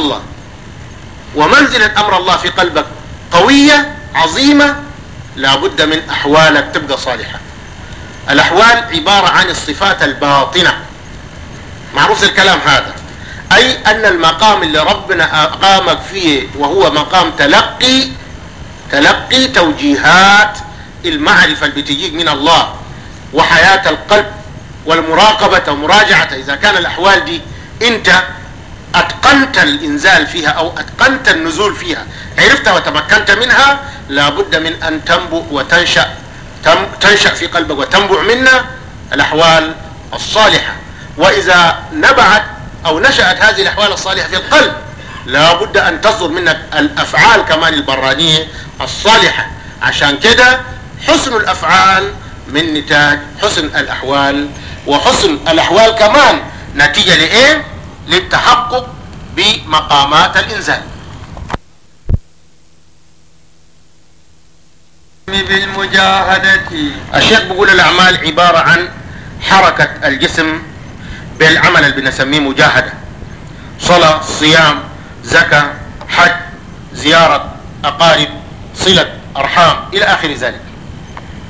الله ومنزلة أمر الله في قلبك قوية عظيمة لابد من أحوالك تبقى صالحة الأحوال عبارة عن الصفات الباطنة معروف الكلام هذا أي أن المقام اللي ربنا أقامك فيه وهو مقام تلقي تلقي توجيهات المعرفة اللي بتجيك من الله وحياة القلب والمراقبة ومراجعة إذا كان الأحوال دي أنت أتقنت الإنزال فيها أو أتقنت النزول فيها عرفت وتمكنت منها لابد من أن تنبؤ وتنشأ تنشأ في قلبك وتنبع منا الأحوال الصالحة وإذا نبعت أو نشأت هذه الأحوال الصالحة في القلب لابد أن تصدر منك الأفعال كمان البرانية الصالحة عشان كده حسن الأفعال من نتاج حسن الأحوال وحسن الأحوال كمان نتيجة لإيه؟ للتحقق بمقامات الإنزال بالمجاهدة الشيخ بيقول الأعمال عبارة عن حركة الجسم بالعمل اللي بنسميه مجاهدة صلاة صيام زكاة حج زيارة أقارب صلة أرحام إلى آخر ذلك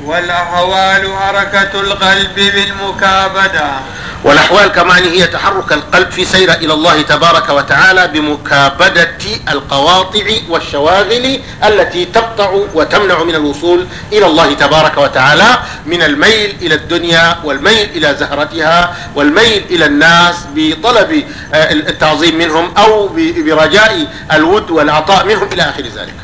والأهوال حركة القلب بالمكابدة والأحوال كمان هي تحرك القلب في سيرة إلى الله تبارك وتعالى بمكابدة القواطع والشواغل التي تقطع وتمنع من الوصول إلى الله تبارك وتعالى من الميل إلى الدنيا والميل إلى زهرتها والميل إلى الناس بطلب آه، التعظيم منهم أو برجاء الود والعطاء منهم إلى آخر ذلك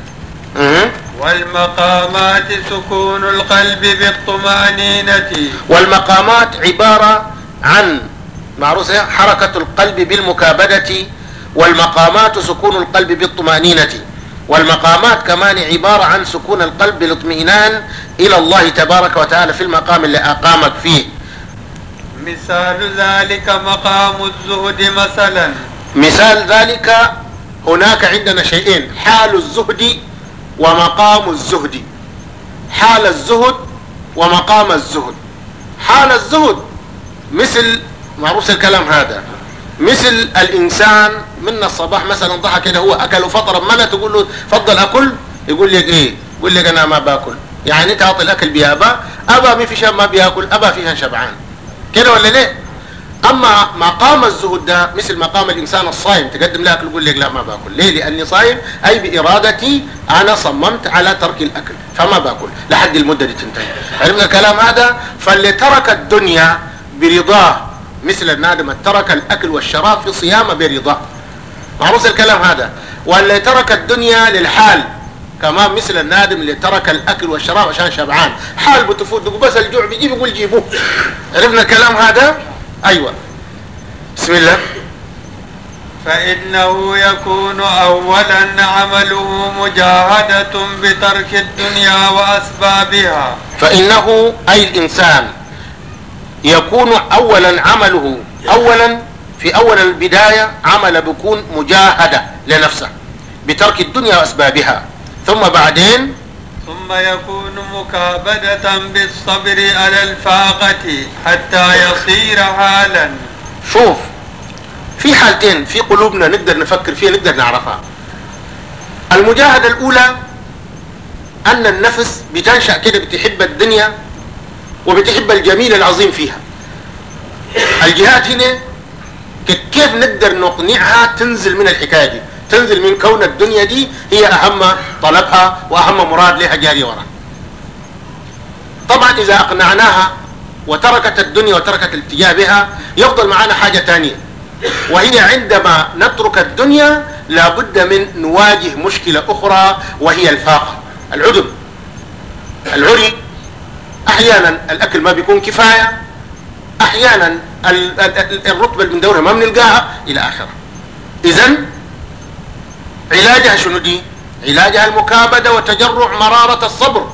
والمقامات سكون القلب بالطمأنينة والمقامات عبارة عن معروف حركة القلب بالمكابدة والمقامات سكون القلب بالطمأنينة والمقامات كمان عبارة عن سكون القلب بالاطمئنان إلى الله تبارك وتعالى في المقام اللي أقامك فيه مثال ذلك مقام الزهد مثلا مثال ذلك هناك عندنا شيئين حال الزهد ومقام الزهد حال الزهد ومقام الزهد حال الزهد مثل معروف الكلام هذا مثل الانسان من الصباح مثلا ضحى كده هو أكل فطر ما لا تقول له تفضل اكل يقول لك ايه يقول لك انا ما باكل يعني انت أعطي الاكل بيابا ابا ما في ما بياكل ابا فيها شبعان كده ولا ليه اما مقام الزهد ده مثل مقام الانسان الصائم تقدم له اكل يقول لك لا ما باكل ليه لاني صائم اي بارادتي انا صممت على ترك الاكل فما باكل لحد المده دي تنتهي علمنا الكلام هذا فاللي ترك الدنيا برضاه مثل النادي من ترك الأكل والشراب في صيامه برضاه معروف الكلام هذا واللي ترك الدنيا للحال كمان مثل النادم اللي ترك الاكل والشراب عشان شبعان حال بتفوت بس الجوع بيجي بقول جيبوه عرفنا الكلام هذا ايوه بسم الله فإنه يكون أولا عمله مجاهدة بترك الدنيا وأسبابها فإنه أي الإنسان يكون أولا عمله أولا في أول البداية عمل بكون مجاهدة لنفسه بترك الدنيا وأسبابها ثم بعدين ثم يكون مكابدة بالصبر على الفاقة حتى يصير حالا شوف في حالتين في قلوبنا نقدر نفكر فيها نقدر نعرفها المجاهدة الأولى أن النفس بتنشأ كده بتحب الدنيا وبتحب الجميل العظيم فيها الجهات هنا كيف نقدر نقنعها تنزل من الحكاية دي تنزل من كون الدنيا دي هي أهم طلبها وأهم مراد لها جاري وراء طبعا إذا أقنعناها وتركت الدنيا وتركت الاتجاه بها يفضل معنا حاجة تانية وهي عندما نترك الدنيا لابد من نواجه مشكلة أخرى وهي الفاقة العدم احيانا الاكل ما بيكون كفاية احيانا الرطبة اللي بندورها ما بنلقاها الى اخره اذا علاجها شنو دي علاجها المكابدة وتجرع مرارة الصبر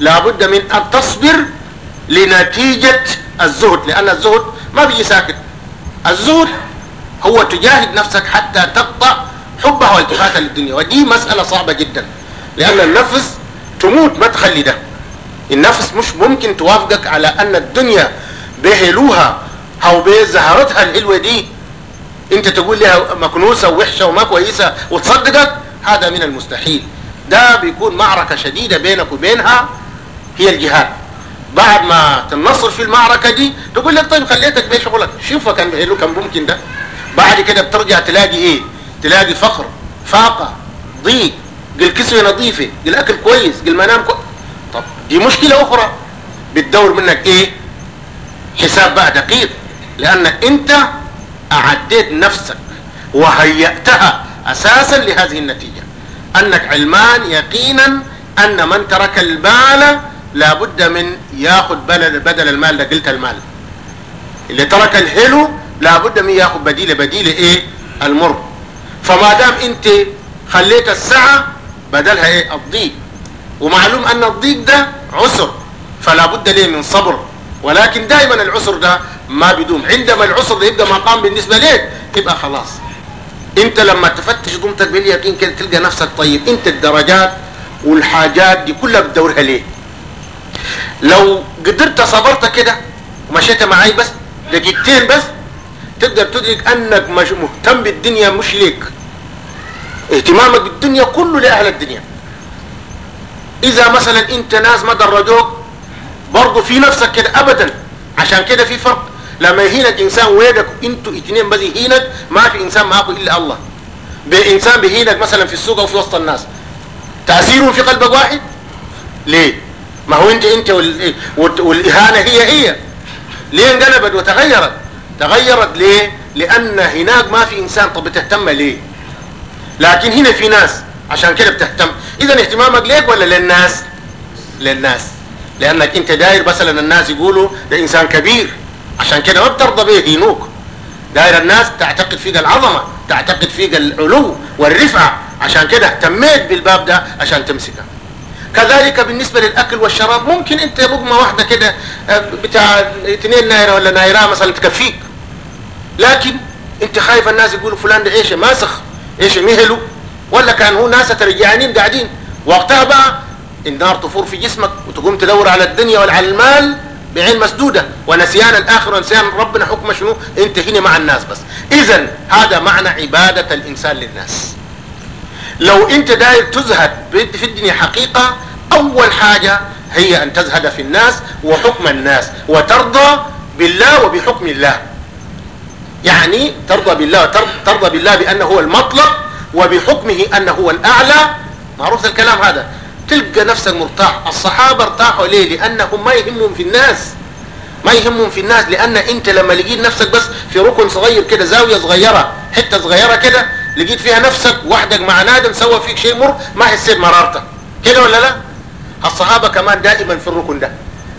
لابد من ان تصبر لنتيجة الزهد لان الزهد ما بيجي ساكت الزهد هو تجاهد نفسك حتى تقطع حبها والتفاتها للدنيا ودي مسألة صعبة جدا لأن النفس تموت ما تخلي ده النفس مش ممكن توافقك على ان الدنيا بهلوها او بزهرتها الحلوه دي انت تقول لها مكنوسه ووحشه وما كويسه وتصدقك هذا من المستحيل ده بيكون معركه شديده بينك وبينها هي الجهاد بعد ما تنصر في المعركه دي تقول لك طيب خليتك بيه شغلك شوفها كان بهلو كان ممكن ده بعد كده بترجع تلاقي ايه تلاقي فقر فاقه ضيق قل كسوه نظيفه قل اكل كويس قل منام كويس دي مشكلة اخرى بتدور منك ايه حساب بقى دقيق لانك انت اعديت نفسك وهيأتها اساسا لهذه النتيجة انك علمان يقينا ان من ترك المال لابد من ياخذ بدل, بدل المال ده قلت المال اللي ترك الحلو لابد من ياخذ بديله بديله ايه المر فما دام انت خليت الساعه بدلها ايه الضيق ومعلوم أن الضيق ده عسر فلا بد ليه من صبر ولكن دائما العسر ده ما بدوم عندما العسر ده يبدأ مقام بالنسبة ليك تبقى خلاص انت لما تفتش ضمتك باليقين كده تلقى نفسك طيب انت الدرجات والحاجات دي كلها بتدورها ليه لو قدرت صبرت كده ومشيت معاي بس دقيقتين بس تقدر تدرك انك مهتم بالدنيا مش ليك اهتمامك بالدنيا كله لاهل الدنيا اذا مثلا انت ناس ما دردوك برضه في نفسك كده ابدا عشان كده في فرق لما يهينك انسان ويدك انتوا اتنين بس يهينك ما في انسان معاكم الا الله بانسان بيهينك مثلا في السوق او في وسط الناس تاثيره في قلبك واحد ليه ما هو انت انت والاهانه هي هي ليه انقلبت وتغيرت تغيرت ليه لان هناك ما في انسان طب بتهتم ليه لكن هنا في ناس عشان كده بتهتم اذا اهتمامك ليك ولا للناس للناس لانك انت داير مثلا الناس يقولوا ده انسان كبير عشان كده ما بترضى به يهينوك داير الناس تعتقد فيك العظمه تعتقد فيك العلو والرفعه عشان كده اهتميت بالباب ده عشان تمسكه كذلك بالنسبه للاكل والشراب ممكن انت لقمه واحده كده آه، بتاع اثنين نايره ولا نايره مثلا تكفيك لكن انت خايف الناس يقولوا فلان ده ايش ماسخ ايش مهله ولا كان هو ناس ترجعانين قاعدين وقتها بقى النار تفور في جسمك وتقوم تدور على الدنيا ولا على المال بعين مسدودة ونسيان الآخر ونسيان ربنا حكم شنو انت هنا مع الناس بس إذا هذا معنى عبادة الإنسان للناس لو انت داير تزهد في الدنيا حقيقة أول حاجة هي أن تزهد في الناس وحكم الناس وترضى بالله وبحكم الله يعني ترضى بالله ترضى بالله بأنه هو المطلق وبحكمه أنه هو الأعلى معروف الكلام هذا تلقى نفسك مرتاح الصحابة ارتاحوا ليه لأنهم ما يهمهم في الناس ما يهمهم في الناس لأن أنت لما لقيت نفسك بس في ركن صغير كده زاوية صغيرة حتة صغيرة كده لقيت فيها نفسك وحدك مع نادم سوى فيك شيء مر ما حسيت مرارتك كده ولا لا الصحابة كمان دائما في الركن ده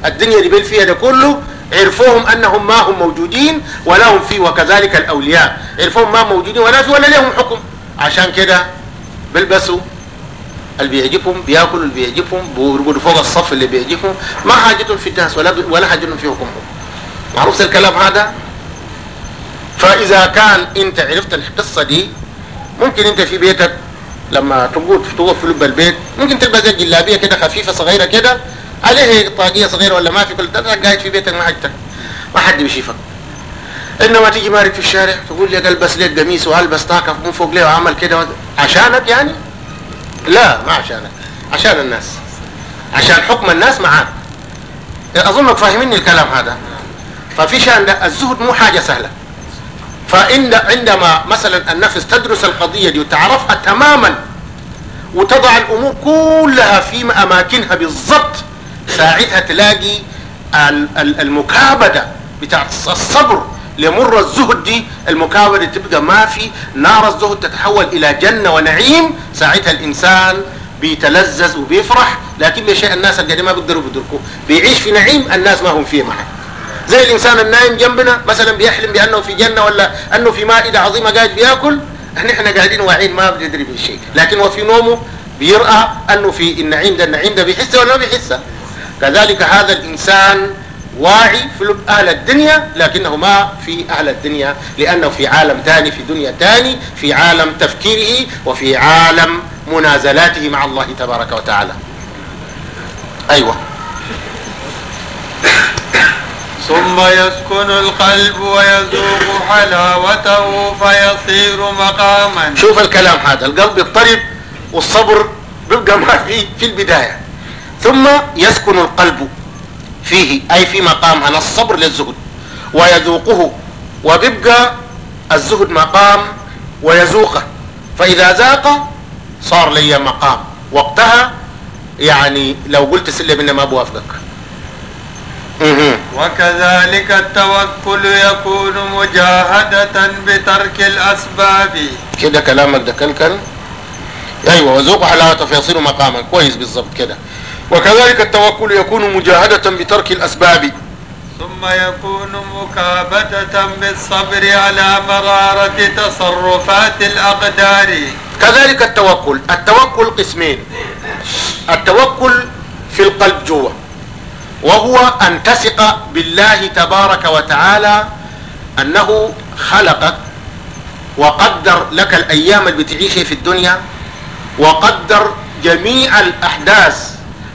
الدنيا اللي بين فيها ده كله عرفوهم أنهم ما هم موجودين ولا هم فيه وكذلك الأولياء عرفوهم ما موجودين ولا فيه ولا لهم حكم عشان كده بيلبسوا اللي بيعجبهم بياكلوا اللي بيعجبهم بيرقدوا فوق الصف اللي بيعجبهم ما حاجتهم في الناس ولا ولا حاجتهم في حكمهم معروف الكلام هذا فاذا كان انت عرفت القصه دي ممكن انت في بيتك لما تقعد تقف في لب البيت ممكن تلبس جلابية كده خفيفه صغيره كده عليها طاقيه صغيره ولا ما في كل ده قاعد في بيتك حاجتك ما حد بيشوفك انما تيجي مارك في الشارع تقول لي البس ليك قميص والبس طاقه من فوق ليه وعمل كده عشانك يعني لا ما عشانك عشان الناس عشان حكم الناس معاك اظنك فاهميني الكلام هذا ففي شان الزهد مو حاجه سهله فإن عندما مثلا النفس تدرس القضية دي وتعرفها تماما وتضع الأمور كلها في أماكنها بالضبط ساعتها تلاقي المكابدة بتاعت الصبر لمر الزهد دي المكابرة تبقى ما في نار الزهد تتحول الى جنه ونعيم ساعتها الانسان بيتلذذ وبيفرح لكن شيء الناس اللي ما بيقدروا بيدركوه بيعيش في نعيم الناس ما هم فيه معه زي الانسان النايم جنبنا مثلا بيحلم بانه في جنه ولا انه في مائده عظيمه قاعد بياكل احنا احنا قاعدين واعيين ما بندري شيء لكن وفي نومه بيرأى انه في النعيم ده النعيم ده بيحسه ولا ما بيحسه كذلك هذا الانسان واعي في أهل الدنيا لكنه ما في أهل الدنيا لأنه في عالم ثاني في دنيا ثاني في عالم تفكيره وفي عالم منازلاته مع الله تبارك وتعالى أيوة ثم يسكن القلب ويذوق حلاوته فيصير مقاما شوف الكلام هذا القلب يضطرب والصبر بيبقى ما في في البداية ثم يسكن القلب فيه أي في مقام أنا الصبر للزهد ويذوقه وبيبقى الزهد مقام ويذوقه فإذا ذاق صار لي مقام وقتها يعني لو قلت سلم إنما بوافقك وكذلك التوكل يكون مجاهدة بترك الأسباب كده كلامك ده كلكل ايوه وذوق حلاوته فيصير مقاما كويس بالظبط كده وكذلك التوكل يكون مجاهدة بترك الأسباب ثم يكون مكابدة بالصبر على مرارة تصرفات الأقدار كذلك التوكل التوكل قسمين التوكل في القلب جوا وهو أن تثق بالله تبارك وتعالى أنه خلقك وقدر لك الأيام اللي بتعيشها في الدنيا وقدر جميع الأحداث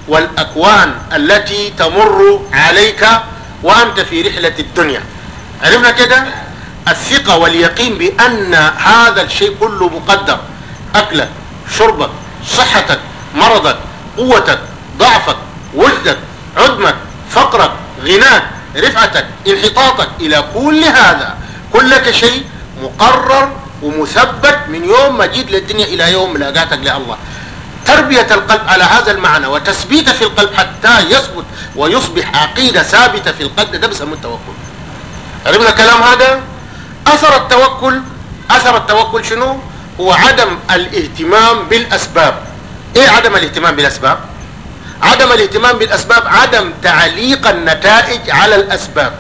والأكوان التي تمر عليك وأنت في رحلة الدنيا عرفنا كده الثقة واليقين بأن هذا الشيء كله مقدر أكلك شربك صحتك مرضك قوتك ضعفك وجدك عدمك فقرك غناك رفعتك انحطاطك إلى كل هذا كلك شيء مقرر ومثبت من يوم ما جيت للدنيا إلى يوم ملاقاتك لله تربية القلب على هذا المعنى وتثبيته في القلب حتى يثبت ويصبح عقيدة ثابتة في القلب ده بيسموه التوكل عرفنا الكلام هذا أثر التوكل أثر التوكل شنو هو عدم الاهتمام بالأسباب إيه عدم الاهتمام بالأسباب عدم الاهتمام بالأسباب عدم تعليق النتائج على الأسباب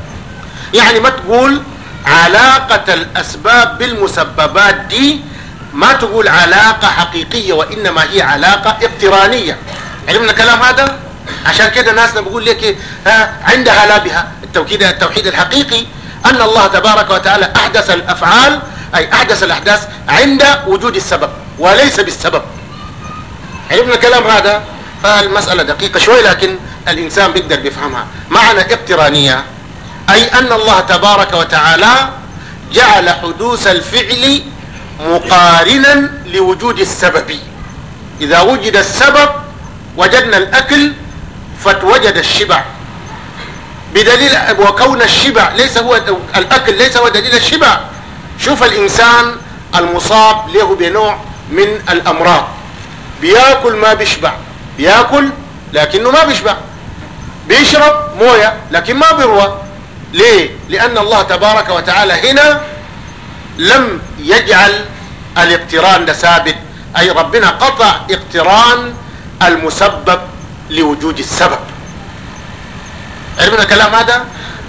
يعني ما تقول علاقة الأسباب بالمسببات دي ما تقول علاقة حقيقية وإنما هي علاقة اقترانية علمنا كلام هذا عشان كده ناسنا بقول لك إيه؟ ها عندها لا بها التوكيد التوحيد الحقيقي أن الله تبارك وتعالى أحدث الأفعال أي أحدث الأحداث عند وجود السبب وليس بالسبب علمنا كلام هذا فالمسألة دقيقة شوي لكن الإنسان بيقدر بيفهمها معنى اقترانية أي أن الله تبارك وتعالى جعل حدوث الفعل مقارنا لوجود السبب إذا وجد السبب وجدنا الأكل فتوجد الشبع بدليل وكون الشبع ليس هو الأكل ليس هو دليل الشبع شوف الإنسان المصاب له بنوع من الأمراض بياكل ما بيشبع بياكل لكنه ما بيشبع بيشرب موية لكن ما بيروى ليه؟ لأن الله تبارك وتعالى هنا لم يجعل الاقتران ثابت أي ربنا قطع اقتران المسبب لوجود السبب علمنا كلام هذا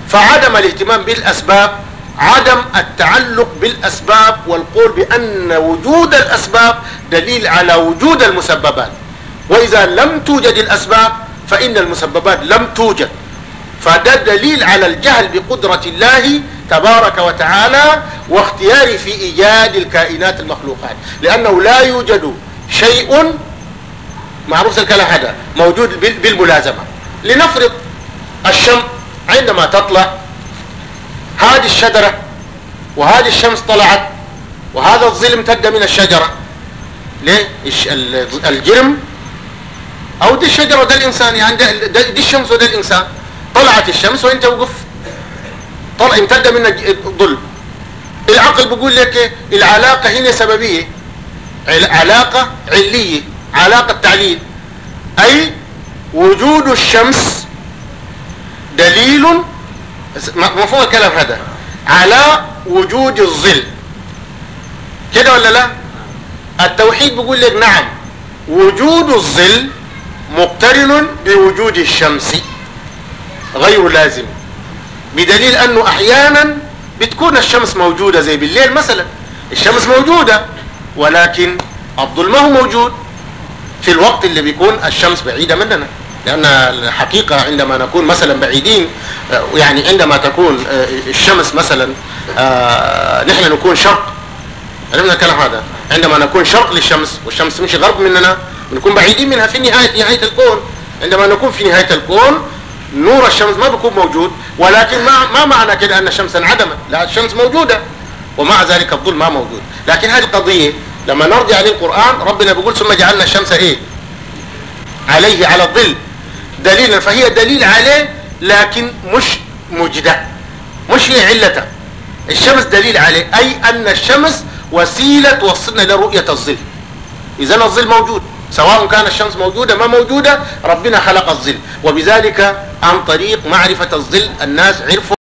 فعدم الاهتمام بالأسباب عدم التعلق بالأسباب والقول بأن وجود الأسباب دليل على وجود المسببات وإذا لم توجد الأسباب فإن المسببات لم توجد فده دليل على الجهل بقدرة الله تبارك وتعالى واختياري في إيجاد الكائنات المخلوقات لأنه لا يوجد شيء معروف ذلك هذا موجود بالملازمة لنفرض الشم عندما تطلع هذه الشجرة وهذه الشمس طلعت وهذا الظلم امتد من الشجرة ليه الجرم او دي الشجرة ده الانسان يعني ده, ده دي الشمس وده الانسان طلعت الشمس وانت توقف طلع امتد منك الظل العقل بيقول لك إيه؟ العلاقة هنا سببية علاقة علية علاقة تعليل اي وجود الشمس دليل مفهوم الكلام هذا على وجود الظل كده ولا لا التوحيد بيقول لك نعم وجود الظل مقترن بوجود الشمس غير لازم بدليل انه احيانا بتكون الشمس موجودة زي بالليل مثلا الشمس موجودة ولكن الظل ما هو موجود في الوقت اللي بيكون الشمس بعيدة مننا لأن الحقيقة عندما نكون مثلا بعيدين يعني عندما تكون آه، الشمس مثلا آه، نحن نكون شرق علمنا الكلام هذا عندما نكون شرق للشمس والشمس تمشي غرب مننا نكون بعيدين منها في نهاية نهاية الكون عندما نكون في نهاية الكون نور الشمس ما بيكون موجود ولكن ما ما معنى كده ان الشمس انعدمت لا الشمس موجوده ومع ذلك الظل ما موجود لكن هذه القضية لما نرجع للقران ربنا بيقول ثم جعلنا الشمس ايه عليه على الظل دليلا فهي دليل عليه لكن مش مجده مش هي علته الشمس دليل عليه اي ان الشمس وسيله توصلنا لرؤيه الظل اذا الظل موجود سواء كان الشمس موجودة ما موجودة ربنا خلق الظل وبذلك عن طريق معرفة الظل الناس عرفوا